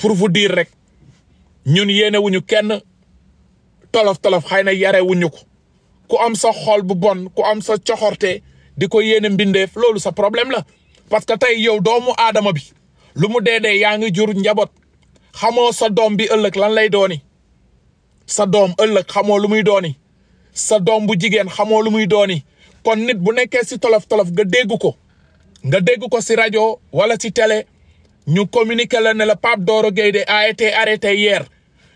pour vous dire rek ñun yéenewuñu kenn tolof tolof xëy na yarewuñu ko ku am sa xol bu bon ku am sa coxorte di ko yéene mbindeef loolu sa problème la parce que tey yow doomu aadama bi lu mu dee yaa ngi jur njaboot xamoo sa doom bi ëllëg lan lay dooni sa doom ëllëg xamoo lu muy dooni sa doom bu jigéen xamoo lu muy dooni kon nit bu nekkee si tolof tolof nga dégg ko nga dégg ko si rajo walla si tele ñu communiqué la ne la Pape Doro Gueye de a été arrêté hier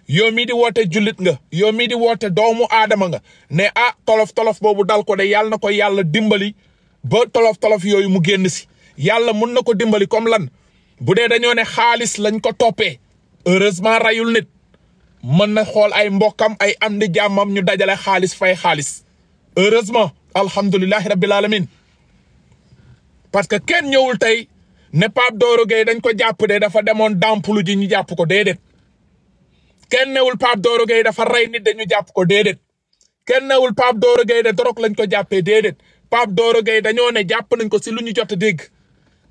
yow mii di woote jullit nga yow mii di woote doomu aadama nga ne ah tolof tolof boobu dal ko de yàlla na ko yàlla dimbali ba tolof tolof yooyu mu génn si yàlla mun na ko dimbali comme lan bu dee dañoo ne xaalis lañ ko toppee heureusement rayul nit mën na xool ay mbokkam ay ànd jàmmam ñu dajale xaalis fay xaalis heureusement alhamdulilahi rabbil alamin parce que kenn ñëwul tey ne Pape Doro Gueye dañ ko jàpp de dafa demoon dàmpulu ji ñu jàpp ko déedéet kenn newul Pape Doro Gueye dafa rey nit dañu jàpp ko déedéet kenn newul Pape Doro Gueye de lañ ko jàppee déedéet Pape Doro Gueye dañoo ne jàpp nañ ko si lu ñu jot a dégg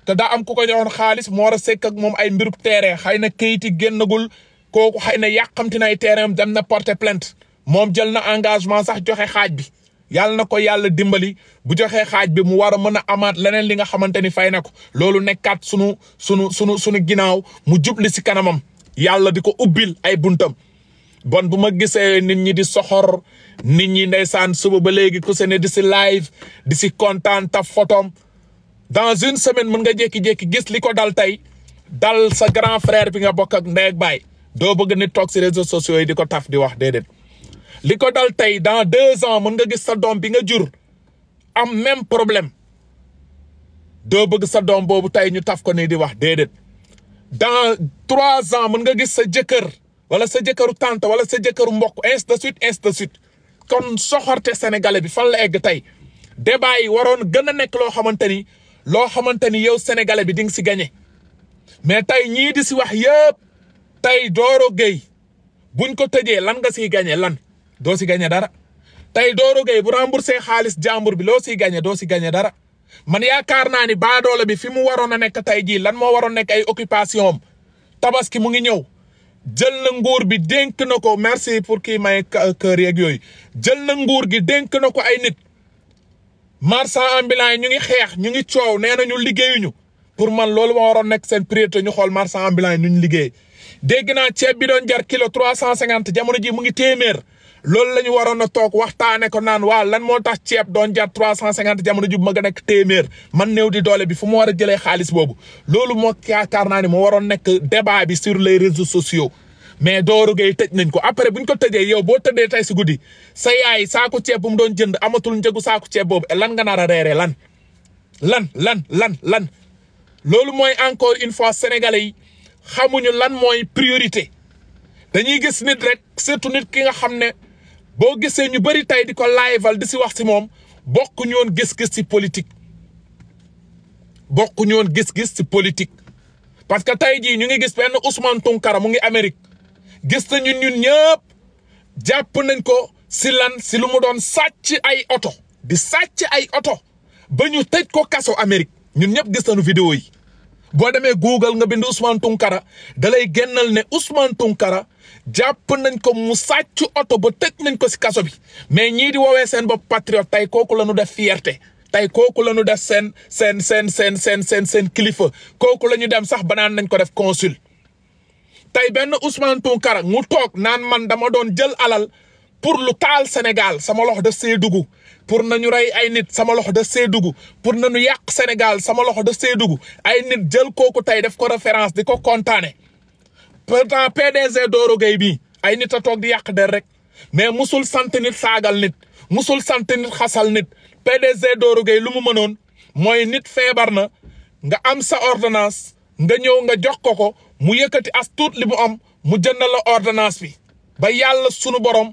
da daa am ku ko joxoon xaalis mu war a sekk ak moom ay mbirub terrain xay na kayit yi génnagul kooku xëy na yàqamti na ay terrain dem na porter plainte moom jël na engagement sax joxe xaaj bi yàlla na ko yàlla dimbali bu joxee xaaj bi mu war a mën a amaat leneen li nga xamante ni fay na ko loolu nekkaat sunu sunu sunu sunu ginnaaw mu jubli si kanamam yàlla di ko ubbil ay buntam bon bu ma gisee nit ñi di soxor nit ñi ndeysaan suba ba léegi ku seenee ne di si live di si kontaan taf fotom dans une semaine mën nga jékki-jékki gis li ko dal tey dal sa grand frère bi nga bokk ak ndey baay doo bëgg nit toog si réseaux sociaux yi di ko taf di wax déedéet li ko dal tey dans deux ans mën nga gis sa doom bi nga jur am même problème doo bëgg sa doom boobu tey ñu taf ko nii di wax déedéet dans trois ans mën nga gis sa jëkkër wala sa jëkkëru tante wala sa jëkkëru mbokk ainsi de suite ainsi kon soxorte sénégalais bi fan la egg tey débat yi waroon gën a nekk loo xamante ni loo xamante ni yow sénégalais bi di nga si gagné mais tey ñii di si wax yëpp tey dooroo Gueye buñ ko tëjee lan nga siy gagné lan doo si gagné dara tey Doro Gueye bu remboursé xaalis jàmbur bi loo si gañe doo si gagné dara man yaakaar naa ni baadoole bi fi mu waroon a nekk tey jii lan moo waroon nekk ay occupation am tabaski mu ngi ñëw jël na nguur bi dénk na ko merci pour kii may kër yeeg yooyu jël na nguur gi dénk na ko ay nit marchand ambulant yi ñu ngi xeex ñu ngi coow nee na ñu liggéeyuñu pour man loolu moo waroon nekk seen priorité ñu xool marsan ambulant yi ñu liggéey dégg naa ceeb bi doon jar kilo trois cent cinquante jamono ji mu ngi téeméer. loolu la ñu waroon a toog waxtaane ko naan waa lan moo tax ceeb doon jar trois cent cinquante jamono jub ma gën a nekk téeméer man néew di doole bi fu mu war a jëlee xaalis boobu loolu moo yaakaar naa ne moo waroon nekk débat bi sur les réseaux sociaux mais Doro Gueye tëj nañ ko après bu ñu ko tëjee yow boo tëddee tey si guddi sa yaay saako ceeb bu mu doon jënd amatul njëgu saako ceeb boobu lan nga nar a reeree lan lan lan lan loolu mooy encore une fois sénégalais yi xamuñu lan mooy priorité dañuy gis nit rek surtout nit ki nga xam ne boo gisee ñu bëri tey di ko laayival di si wax si moom bokk ñoon gis-gis si politique bokk ñoon gis-gis si politique parce que tey jii ñu ngi gis benn Ousmane Tounkara mu ngi Amérique gis nañu ñun ñëpp jàpp nañ ko si lan si lu mu doon sàcc ay oto di sàcc ay oto ba ñu tëj ko kaso Amérique ñun ñëpp gis nañu vidéo yi boo demee Google nga bind Ousmane Tounkara da lay génnal ne Ousmane Tounkara jàpp nañ ko mu sàcc oto ba tëj nañ ko si kaso bi mais ñii di woowee seen bopp patriote tey kooku la ñu def fierté tey kooku la ñu def seen seen seen seen seen seen seen kilifa kooku la ñu dem sax ba naan nañ ko def consul. tey benn Ousmane Tounkara mu toog naan man dama doon jël alal pour lu taal senegal sama loxo daf see dugg pour nañu rey ay nit sama loxo daf see dugg pour nañu yàq Sénégal sama loxo daf see dugg ay nit jël kooku tey def ko référence di ko kontaane pourtant PDG Doro Gueye bii ay nit a toog di yàq der rek mais musul sant nit saagal nit musul sant nit xasal nit PDG Doro Gueye lu mu mënoon mooy nit feebar na nga am sa ordonnance nga ñëw nga jox ko ko mu yëkkati as tuut li mu am mu jënd la ordonnance bi ba yàlla sunu borom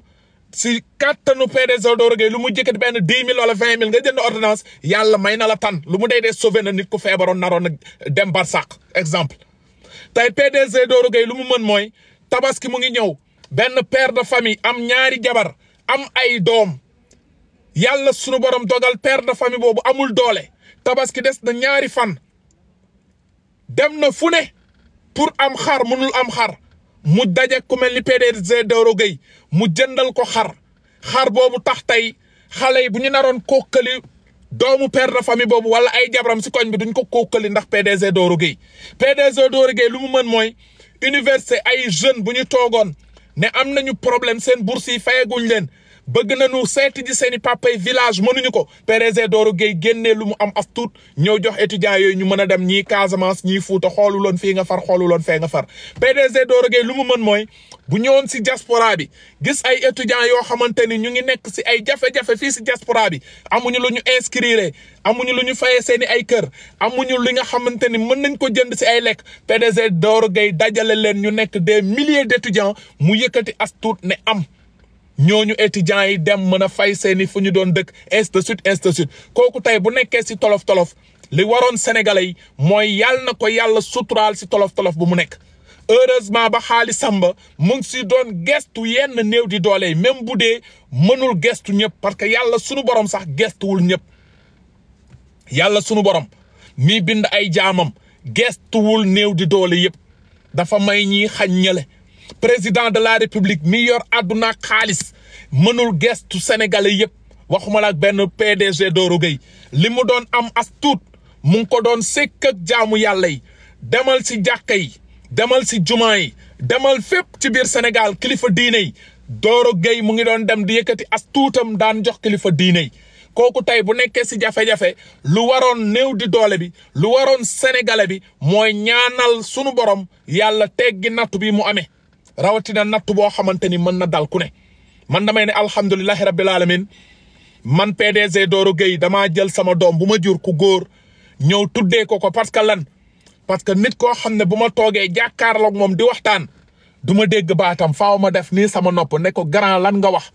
si kattanu PDG Doro Gueye lu mu jëkkati benn dix mille wala vingt mille nga jënd ordonnance yàlla may na la tan lu mu dee dee sauvé na nit ku feebaroon naroon na dem barsàq exemple tey PDG Doro Gueye lu mu mën mooy tabaski mu ngi ñëw benn père de famille am ñaari jabar am ay doom yàlla sunu borom dogal père de famille boobu amul doole tabaski des na ñaari fan dem na fu ne pour am xar mënul am xar mu daje ku mel ni PDG Doro Gueye mu jëndal ko xar xar boobu tax tey xale yi bu ñu naroon kokkali doomu père de famille boobu wala ay jabaram si koñ bi duñ ko kóokali ndax PDG Doro Gueye PDG Doro Gueye lu mu mën mooy université ay jeune bu ñu toogoon ne am nañu problème seen bourse yi fayaguñ leen bëgg nañu seeti ji seen i papay village mënuñu ko PDG Doro Gueye génnee lu mu am as tuut ñëw jox étudiants yooyu ñu mën a dem ñii Casamance ñii Fuuta xoolu loon fii nga far xoolu loon fee nga far PDG Doro Gueye lu mu mën mooy bu ñëwoon si diaspora bi gis ay étudiants yoo xamante ni ñu ngi nekk si ay jafe-jafe fii si diaspora bi amuñu lu ñu inscrire amuñu lu ñu faye seeni ay kër amuñu li nga xamante ni mën nañ ko jënd si ay lekk PDG Doro Gueye dajale leen ñu nekk des milliers d'étudiants mu yëkkati as tuut ne am ñooñu étudiants yi dem mën a fay seeni fu ñu doon dëkk ainsi de suite ainsi suite kooku tey bu nekkee si tolof tolof li waroon sénégalais yi mooy yàlla na ko yàlla suturaal si tolof tolof bu mu nekk. heureusement ba xaalis samba mu ngi si doon gestu yenn néew di doole yi même bu dee mënul gestu ñëpp parce que yàlla sunu borom sax gestuwul ñëpp yàlla sunu borom mi bind ay jaamam gestuwul néew di doole yëpp dafa may ñii xañ ñale président de la république mi yor àdduna xaalis mënul gestu sénégalais yëpp waxuma ak benn PDG Doro Gueye li mu doon am as tuut mu ngi ko doon sekk ak jaamu yàlla yi demal si jàkka yi demal si jumaa yi demal fépp ci biir Sénégal kilifa diine yi Doro Gueye mu ngi doon dem di yëkkati as tuutam daan jox kilifa diine yi kooku tey bu nekkee si jafe-jafe lu waroon néew di doole bi lu waroon sénégalais bi mooy ñaanal sunu borom yàlla teggi nattu bi mu amee. rawatina natt boo xamante ni mën na dal ku ne man may ne alhamdulilahi rabbil alamin man PDG Doro Gueye damaa jël sama doom bu ma jur ku góor ñëw tuddee ko ko parce que lan parce que nit koo xam ne bu ma toogee jàkkaarloog moom di waxtaan du ma dégg baatam faaw ma def nii sama nopp ne ko grand lan nga wax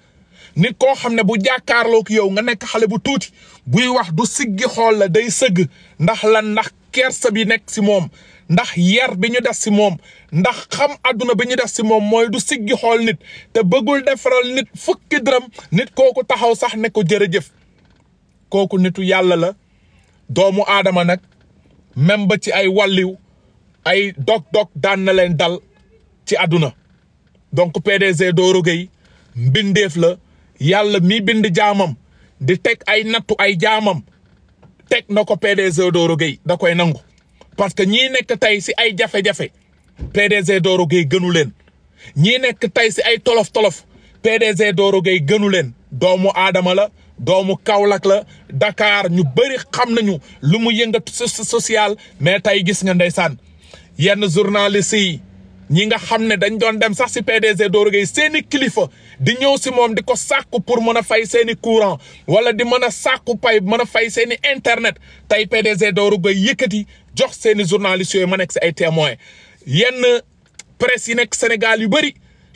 nit koo xam ne bu jàkkaarloog yow nga nekk xale bu tuuti buy wax du siggi xool la day sëgg ndax lan ndax kersa bi nekk si moom ndax yar bi ñu des si moom ndax xam àdduna bi ñu des si moom mooy du siggi xool nit te bëggul defaral nit fukki dërëm nit kooku taxaw sax ne ko jërëjëf kooku nitu yàlla la doomu aadama nag même ba ci ay walliw ay dog-dog daan na leen dal ci àdduna donc PDG Doro Gueye mbindeef la yàlla mi bind jaamam di teg ay nattu ay jaamam teg na ko PDG Doro Gueye da koy nangu parce que ñii nekk tey si ay jafe-jafe PDG Doro Gueye gënu leen ñii nekk tey si ay tolof-tolof PDG Doro Gueye gënu leen doomu aadama la doomu Kaolack la dakaar ñu bëri xam nañu lu mu yëngatu social mais tey gis nga ndeysaan yenn journaliste yi ñi nga xam ne dañ doon dem sax si PDG Doro Gueye seeni kilifa di ñëw si moom di ko sàkku pour mën a fay seeni courant wala di mën a sàkku pay mën a fay seeni internet tey PDG Doro Gueye yëkkati jox seeni journalistes yooyu ma nekk si ay témoins yenn presse yi nekk Sénégal yu bëri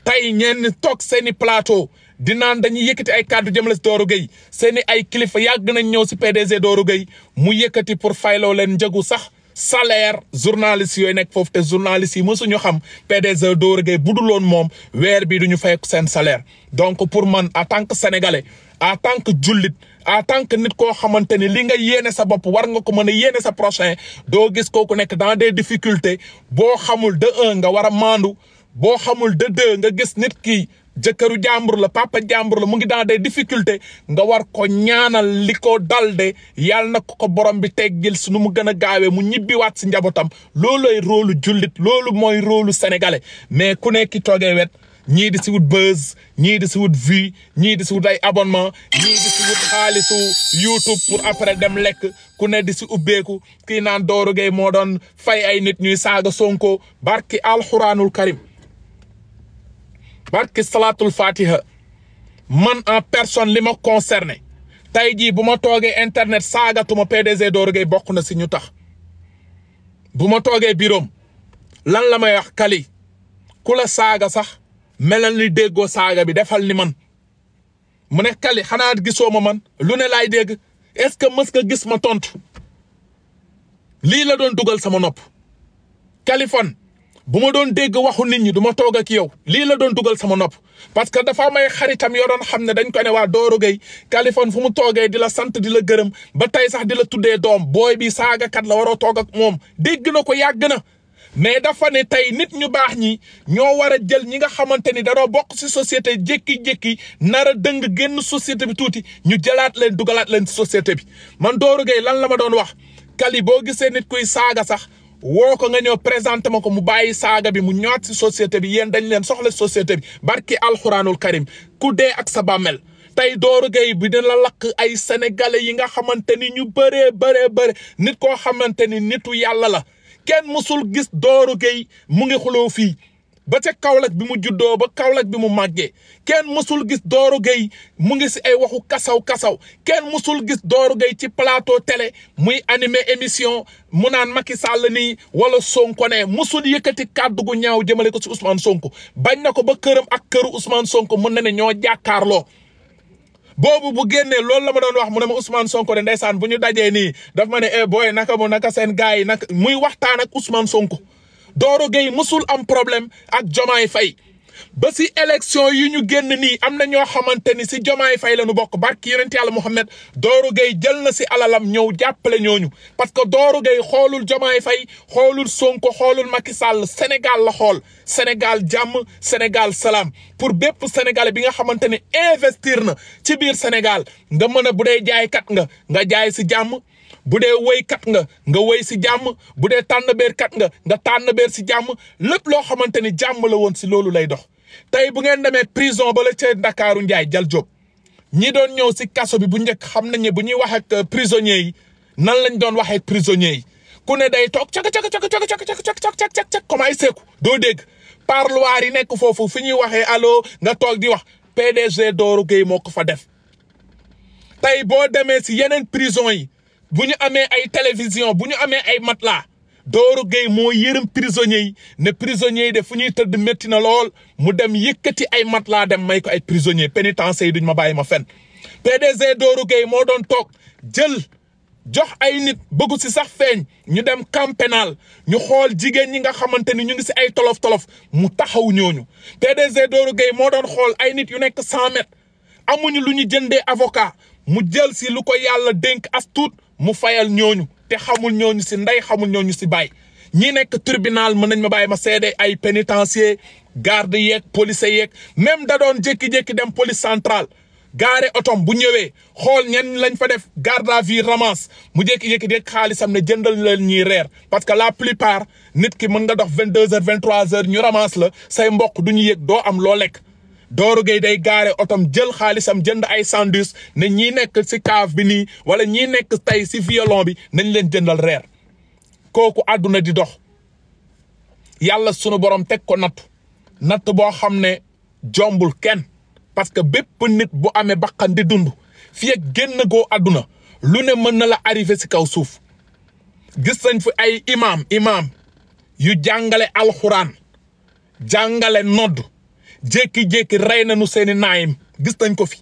tey ñenn toog seeni plateau di naan dañuy yëkkati ay kàddu jëmale si Doro Gueye seeni ay kilifa yàgg nañ ñëw si PDG Doro Gueye mu yëkkati pour fayloo leen njëgu sax salaire journalistes yooyu nekk foofu te journalistes yi mësuñu xam PDG Doro Gueye bu duloon moom weer bi duñu fay seen salaire donc pour man en tant que sénégalais. en tant que jullit en tant que nit koo xamante ni li nga yéene sa bopp war nga ko mën a yéene sa prochain doo gis ku nekk dans des difficultés boo xamul de un nga war a maandu boo xamul de deux nga gis nit ki jëkkëru jàmbur la papa jàmbur la mu ngi dans des difficultés nga war ko ñaanal li ko dalde de yàlla na ko ko borom bi teggil su nu mu gën a gaawee mu ñibbiwaat si njabootam loolooy rôlu jullit loolu mooy rôlu sénégalais mais ku nekk toogee wet ñii di si wut buzz ñii di si wut vie ñii di si wut ay abonnement ñii di si wut xaalisu YouTube pour après dem lekk ku ne di si ubbeeku kii naan Doro moo doon fay ay nit ñuy saaga Sonko barki alxuraanul karim barki salaatul fatiha man en personne li ma concerné tey jii bu ma toogee internet saagatuma PDG Doro Gueye bokk na si ñu tax bu ma toogee biroom lan la may wax kali ku la saaga sax melal li déggoo saaga bi defal ni man mu ne Kali xanaa gisoo ma man lu ne laay dégg est-ce que mës nga gis ma tontu lii la doon dugal sama nopp Kaliphone bu ma doon dégg waxu nit ñi duma ma toog ak yow lii la doon dugal sama nopp parce que dafa may xaritam yoo doon xam ne dañ ko ne waa Doro Gueye Kaliphone fu mu toogee di la sant di la gërëm ba tey sax di la tuddee doom booy bi saagakat la waroo toog ak moom dégg na ko yàgg na mais dafa ne tey nit ñu baax ñii ñoo war a jël ñi nga xamante ni danoo bokk ci société jékki-jékki nar a dëng génn société bi tuuti ñu jëlaat leen dugalaat leen société bi man Doro Gueye lan la ma doon wax kali boo gisee nit kuy saaga sax woo ko nga ñëw présenté ma ko mu bàyyi saaga bi mu ñaat si société bi yéen dañu leen soxla société bi barki alxuraanul karim ku dee ak sa bàmmeel tey Doro Gueye bi dina la lakk ay sénégalais yi nga xamante ni ñu bëree bëree bëri nit koo xamante ni nitu yàlla la kenn mësul gis dooru Gueye mu ngi xuloo fii ba ca Kaolack bi mu juddoo ba Kaolack bi mu màggee kenn mësul gis dooru Gueye mu ngi si ay waxu kasaw kasaw kenn mësul gis dooru Gueye ci plateau tele muy animé émission mu naan Macky sàll nii wala Sonko ne mësul yëkkati kàddu gu ñaaw jëmale ko si Ousmane Sonko bañ na ko ba këram ak këru Ousmane Sonko mën na ne ñoo jàkkaarloo. boobu bu génnee loolu la ma doon wax mu ne ma Ousmane Sonko de ndeysaan bu ñu dajee ni daf ma ne eh booy naka mu naka seen gars yi nag muy waxtaan ak Ousmane Sonko dooro Gueye musul am problème ak Diomaye Faye ba si élection yi ñu génn nii am na ñoo xamante ni si Jomaay Fay la ñu bokk barki yonent yàlla Mouhamed Dooru Gueye jël na si alalam ñëw jàppale ñooñu parce que Dooru Gueye xoolul Jomaay Fay xoolul sonk xoolul Macky Sall Sénégal la xool Sénégal jàmm Sénégal salaam pour bépp Sénégalais bi nga xamante ne investir na ci biir Sénégal nga mëna bu dee jaaykat nga nga jaay si jàmm bu dee woykat nga nga woy si jàmm bu dee tànn beerkat nga nga tànn beer si jàmm lépp loo xamante ni jàmm woon si loolu lay dox tey bu ngeen demee prison ba la ca Ndakaaru Njaay Jal Jóob ñi doon ñëw si kaso bi bu njëkk xam nañ ne bu ñuy wax ak prisonniers yi nan lañ doon waxee ak prisonniers yi ku ne day toog cak cak cak cak cak cak cak comme ay seeku doo dégg parloir yi nekk foofu fi ñuy waxee allo nga toog di wax PDG Doro Gueye moo ko fa def tey boo demee si yeneen prison yi bu ñu amee ay télévision bu ñu amee ay matelas Doro Gueye moo yërëm prisonniers yi ne prisonniers yi de fu ñuy tëdd métti na lool mu dem yëkkati ay mat laa dem may ko ay prisonniers pénitencier yi duñ ma bàyyi ma fen PDG Doro Gueye moo doon toog jël jox ay nit bëggu si sax feeñ ñu dem camp ñu xool jigéen ñi nga xamante ni ñu ngi si ay tolof tolof mu taxaw ñooñu PDG Doro Gueye moo doon xool ay nit yu nekk cent mètres amuñu lu ñu jëndee avoca mu jël si lu ko yàlla dénk as tuut mu fayal ñooñu te xamul ñu si ndey xamul ñoo ñu si baay ñi nekk tribinal mën nañ ma bàyyi ma seede ay pénitencier garde yeeg police yeeg même da doon jékki-jékki dem police centrale gaare otom bu ñëwee xool ñenn lañ fa def garde à vue ramasse mu jékki-jékki rek xaalisam ne jëndal leen ñuy reer parce que la plupart nit ki mën nga dox vingt deux heures vingt trois heures ñu ramasse la say mbokk du ñu yëg doo am loo lekk Doro Gueye day gaare otoom jël xaalisam jënd ay sandus ne ñi nekk si kaaf bi nii wala ñi nekk tey si violon bi nañ leen jëndal reer kooku àdduna di dox yàlla sunu borom teg ko natt natt boo xam ne jombul kenn parce que bépp nit bu amee bakkan di dund fi ak génn goo àdduna lu ne mën na la arrivé si kaw suuf gis nañ fi ay imaam imaam yu jàngale alxuraan jàngale nodd jékki-jékki rey na nañu seeni naayim gis nañ ko fi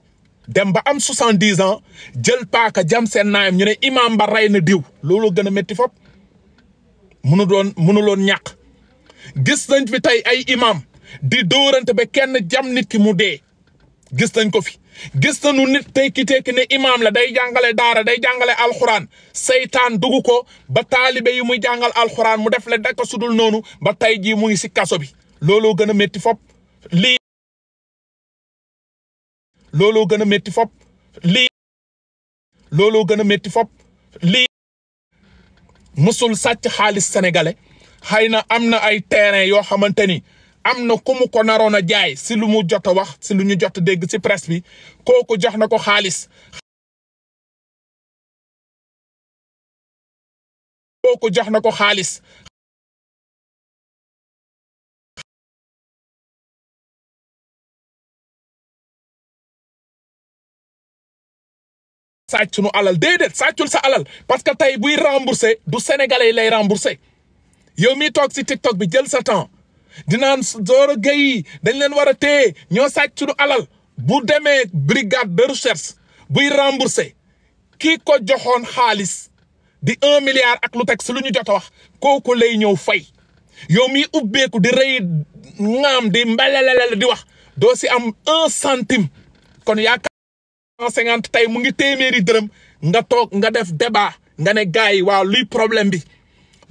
dem ba am soixante-dix ans jël paaka jam seen naayam ñu ne imaam ba rey na diw looloo gën a métti fop munu doon mënuloon ñàkk gis nañ fi tey ay imaam di dóorante ba kenn jam nit ki mu dee gis nañ ko fi gis nañu nit tekki-tekki ne imaam la day jàngale daara day jàngale alxuraan seytaan dugg ko ba taalibe yi muy jàngal alxuraan mu def le dakk sudul noonu ba tey jii muy si kaso bi looloo gën a métti fop lii looloo gën a métti fop lii looloo gën a metti fop lii musul sàcc xaalis senegale xëy na am na ay terrain yoo xamante ni am na ku ko naroon a jaay si lu mu jot a wax si lu ñu jot dégg si presse bi kooku jox na ko xaalis kooku jox na ko xaalis sàcc sunu alal déedéet sàccul sa alal parce que tey buy remboursé du sénégalais yi lay remboursé yow miy toog si TikTok bi jël sa temps dinaan Zora Gueye dañ leen war a téye ñoo sàcc sunu alal bu demee brigade de recherche buy remboursé kii ko joxoon xaalis di un milliard ak lu teg si lu ñu jot a wax kooku lay ñëw fay yow miy ubbeeku di rëy ŋaam di mbalalala di wax doo si am un centime kon yaakaar cinquante tey mu ngi téeméeri dërëm nga toog nga def débat nga ne gars yi waaw luy problème bi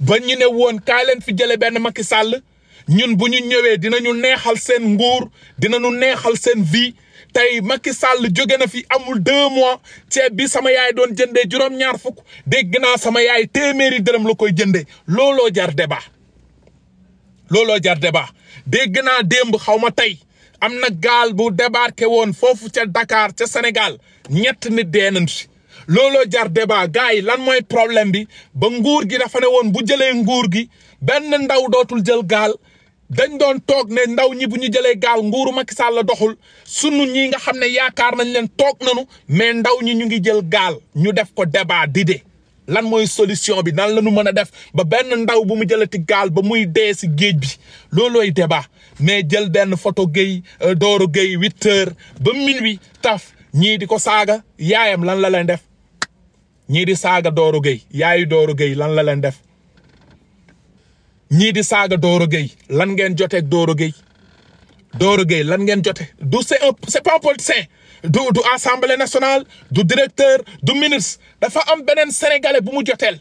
ba ñu ne woon kaa fi jëlee benn Macky Sall ñun bu ñu ñëwee dinañu neexal seen nguur ñu neexal seen vie tey Macky Sall jóge na fi amul deux mois ceeb bi sama yaay doon jëndee juróom-ñaar dégg naa sama yaay téeméeri dërëm la koy jëndee looloo jar débat looloo jar débat dégg naa démb xaw ma tey am na gaal bu débarqué woon foofu ca Dakar ca Sénégal ñett nit dee nañ looloo jar débat gars yi lan mooy problème bi ba nguur gi dafa ne woon bu jëlee nguur gi benn ndaw dootul jël gaal dañ doon toog ne ndaw ñi bu ñu jëlee gaal nguuru Macky Sall la doxul sunu ñii nga xam ne yaakaar nañ leen toog nanu mais ndaw ñi ñu ngi jël gaal ñu def ko débat d'idées lan mooy solution bi nan la ñu mën a def ba benn ndaw bu mu jëlati gaal ba muy dee si géej bi loolooy débat mais jël benn photo géey euh, Doro Gueye huit heures ba minuit taf ñii di ko saaga yaayam lan la leen def ñii di saaga Doro géey yaayu Doro Gueye lan la leen def ñii di saaga Doro géey lan ngeen joteeg Doro Gueye Doro Gueye lan ngeen jote du c'est un c'est pas un politicien du du assemblée nationale du directeur du ministre dafa am beneen sénégalais bu mu joteel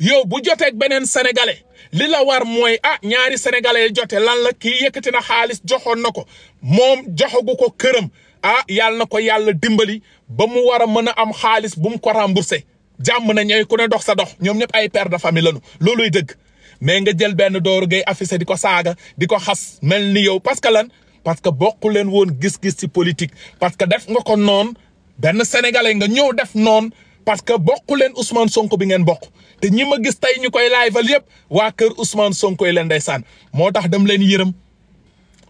yow bu joteeg beneen sénégalais li la war mooy ah ñaari sénégalais yi jote lan la kii yëkkati na xaalis joxoon na ko moom joxagu ko këram ah yàlla na ko yàlla dimbali ba mu war a mën a am xaalis bu mu ko remboursé jàmm na ñooy ku ne dox sa dox ñoom ñëpp ay père de famille lañu looluy dëgg mais nga jël benn Doro Gaye affiché di ko saaga di ko xas mel ni yow parce que lan parce que bokku leen woon gis-gis ci politique parce que def nga ko noon benn sénégalais nga ñëw def noon parce que bokku leen Ousmane Sonko bi ngeen bokk te ñi ma gis tey ñu koy laajal yëpp waa kër Ousmane Sonko yi leen day sànn moo tax dem leen yërëm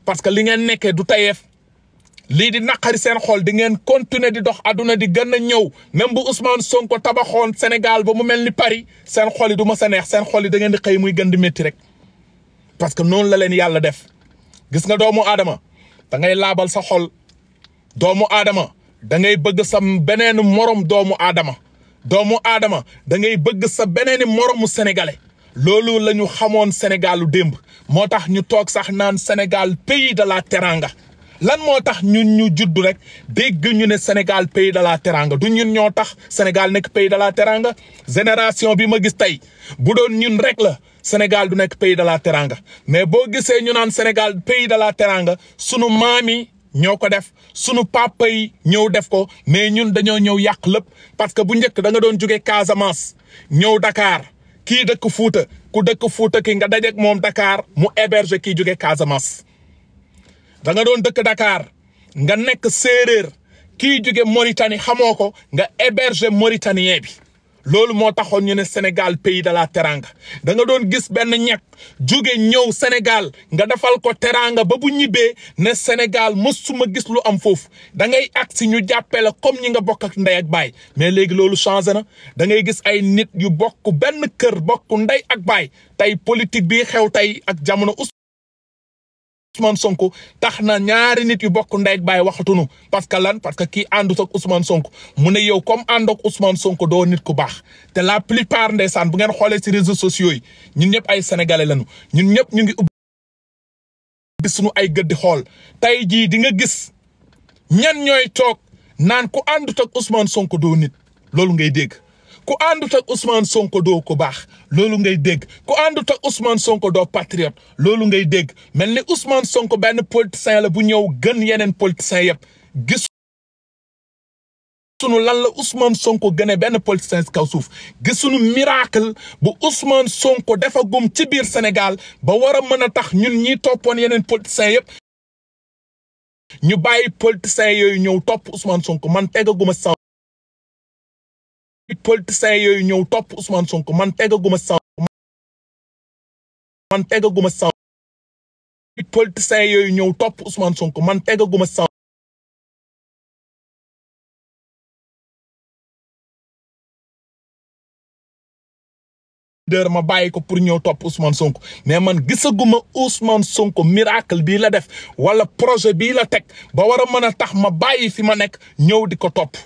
parce que li ngeen nekkee du tayeef lii di naqari seen xol di ngeen continuer di dox àdduna di gën a ñëw même bu Ousmane Sonko tabaxoon senegaal ba mu mel ni Paris seen xol yi du ma sa neex seen xol yi da ngeen di xëy muy gën di métti rek parce que noonu la leen yàlla def gis nga doomu aadama dangay laabal sa xol doomu aadama dangay bëgg sa beneen morom doomu aadama doomu aadama da bëgg sa beneen moromu sénégalais loolu la ñu xamoon senegaalu démb moo tax ñu toog sax naan senegaal pays de la teranga lan moo tax ñun ñu judd rek dégg ñu ne Sénégal pays de la teranga du ñun ñoo tax Sénégal nekk pays de la teranga génération bi ma gis tey bu doon ñun rek la Sénégal du nekk pays de la teranga mais boo gisee ñu naan Sénégal pays de la teranga sunu maam yi ñoo ko def sunu papa yi ñëw def ko mais ñun dañoo ñëw yàq lépp parce que bu njëkk da doon jóge Casamance ñëw Dakar kii dëkk Fuuta ku dëkk Fuuta ki nga dajeeg moom dakaar mu héberge kii jóge Casamance. da nga doon dëkk dakaar nga nekk séeréer kii jóge Mauritanie xamoo ko nga héberger mauritanien bi loolu moo taxoon ñu ne Sénégal pays dala la teranga da nga doon gis benn ñekk jóge ñëw Sénégal nga defal ko teranga ba bu ñibbee ne Sénégal ma gis lu am foofu dangay ngay agsi ñu jàppee comme ñi nga bokk ak ndey ak baay mais léegi loolu changé na da ngay gis ay nit yu bokk benn kër bokk ndey ak baay tey politique bi xew tey ak jamono Ousmane Sonko tax na ñaari nit yu bokk ndey ak baay waxatunu parce que lan parce que kii àndut ak Ousmane Sonko mu ne yow comme ànd ak Ousmane Sonko doo nit ku baax te la plupart ndeysaan bu ngeen xoolee ci réseaux sociaux yi ñu ñëpp ay sénégalais lañu ñun ñëpp ñu ngi ubbi suñu ay gëddi xool tey jii di nga gis ñan ñooy toog naan ku àndut ak Ousmane Sonko doo nit loolu ngay dégg. ku àndut ak Ousmane Sonko doo ko baax loolu ngay dégg ku àndut ak Ousmane Sonko doo patriote loolu ngay dégg mel ni Ousmane Sonko benn politicien la bu ñëw gën yeneen politicien yëpp gis sunu lan la Ousmane Sonko gënee benn politicien si kaw suuf gis sunu miracle bu Ousmane Sonko defagum ci biir Sénégal ba war a mën a tax ñun ñi toppoon yeneen politiciens yëpp ñu bàyyi politiciens yooyu ñëw topp Ousmane Sonko man tegaguma saw politiciens yooyu ñëw topp Ousmane Sonko man tegaguma sama man tegaguma sama politiciens yooyu ñëw topp Ousmane Sonko man tegaguma sama leader ma bàyyi ko pour ñëw topp Ousmane Sonko mais man gisaguma Ousmane Sonko miracle bii la def wala projet bii la teg ba war a mën a tax ma bàyyi fi ma nekk ñëw di ko topp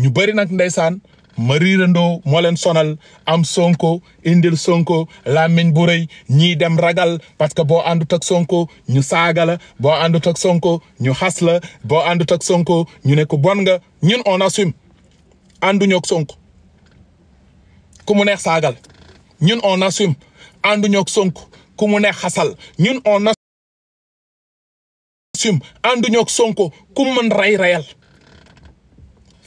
ñu bari nag ndeysaan ma riirandoo moo leen sonal am sonko indil sonko làmmiñ bu rëy ñii dem ragal parce que boo àndut ak sonko ñu saaga la boo àndut sonko ñu xas la boo àndut sonko ñu ne ko bon nga ñun on assume ànduñu ak sonko ku mu neex saagal ñun on assume ànduñu ak sonko ku mu neex xasal ñun on assume ànduñu ak sonko ku mën rey reyal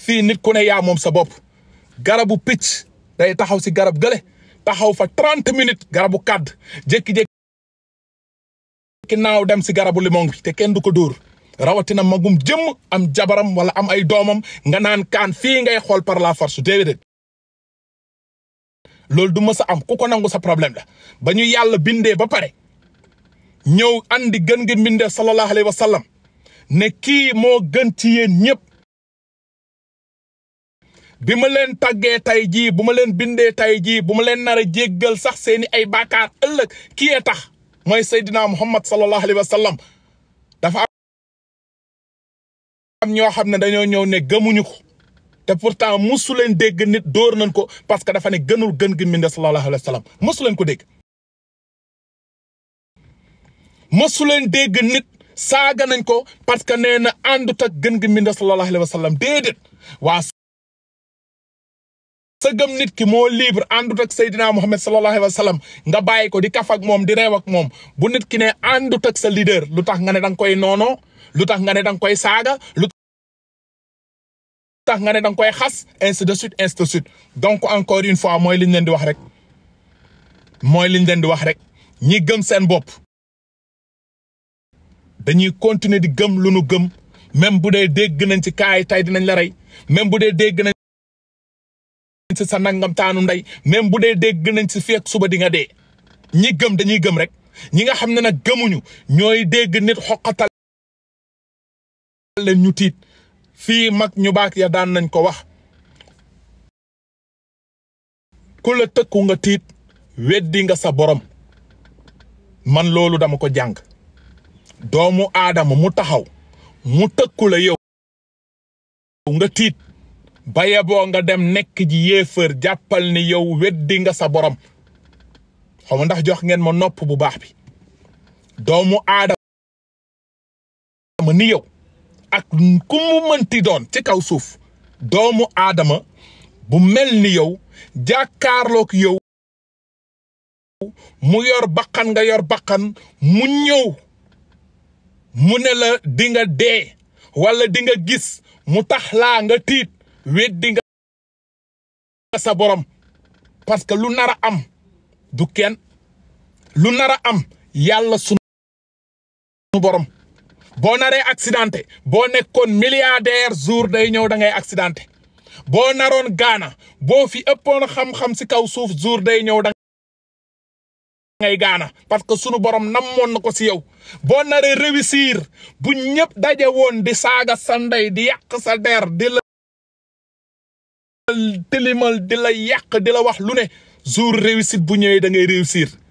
fii nit ku ne yaa moom sa bopp garabu picc day taxaw si garab gële taxaw fa trente minutes garabu kàdd jékki-jékki naaw dem si garabu limon bi te kenn du ko dóor rawatina magum jëmm am jabaram wala am ay doomam nga naan kaan fii ngay xool par la force déedéet loolu du mës a am ku ko nangu sa problème la ba ñu yàlla bindee ba pare ñëw andi gën ngi mbindee sallallahu alayhi wa sallam ne kii moo gën ci yéen ñëpp. bi ma leen tàggee tey jii bu ma leen bindee tey jii bu ma leen nar a jéggal sax seeni ay bàkkaar ëllëg kii yee tax mooy Seydina Muhammad sallallahu alayhi wa sallam dafa am ñoo xam ne dañoo ñëw ne gëmuñu ko te pourtant musu leen dégg nit dóor nañ ko parce que dafa ne gënul gën gi mbinde sallallahu alayhi wa sallam musu leen ko dégg musu leen dégg nit saaga nañ ko parce que nee na àndut ak gën gi mbinde sallallahu alayhi wa sallam déedéet waa sa gëm nit ki moo libre àndut ak Seydina Mohamed sallallahu alayhi wa sallam nga bàyyi ko di kaf ak moom di reew ak moom bu nit ki ne àndut ak sa leader lu tax nga ne da koy noonoo lu tax nga ne da koy saaga lu tax nga ne da nga koy xas ainsi de suite ainsi de suite donc encore une fois mooy li ñu leen di wax rek mooy li ñu leen di wax rek ñi gëm seen bopp dañuy continuer di gëm lu nu gëm même bu dee dégg nañ ci kaay tey dinañ la rey même bu dee dégg nañ sa nangam taanu ndey même bu dee dégg nañ si fii ak suba di nga dee ñi gëm dañuy gëm rek ñi nga xam ne nag gëmuñu ñooy dégg nit xoqatal leen ñu tiit fii mag ñu baax ya daan nañ ko wax ku la tëkku nga tiit weddi nga sa borom man loolu dama ko jàng doomu aadama mu taxaw mu tëkku la yow nga tiit baye nga dem nekk ji yéefër jàppal ni yow weddi nga sa borom xaw ndax jox ngeen ma nopp bu baax bi doomu aadama ni yow ak ku mu mënti doon ci kaw suuf doomu aadama bu mel ni yow jàkkaarlook yow mu yor baqan nga yor bakkan mu ñëw mu ne la dinga nga dee wala di gis mu tax laa nga tiit weddi nga sa borom parce que lu nar am du kenn lu nar a am yàlla sunu borom boo naree accidenté boo nekkoon milliardaire jour day ñëw da ngay accidenté boo naroon gaana boo fi ëppoon xam-xam si kaw suuf jour day ñëw da gaana parce que sunu borom namoon na ko si yow boo naree réussir bu ñëpp daje woon di saaga sa di yàq der di tilimal tilimal di la yàq di la wax lu ne jour réussite bu ñëwee da ngay réussir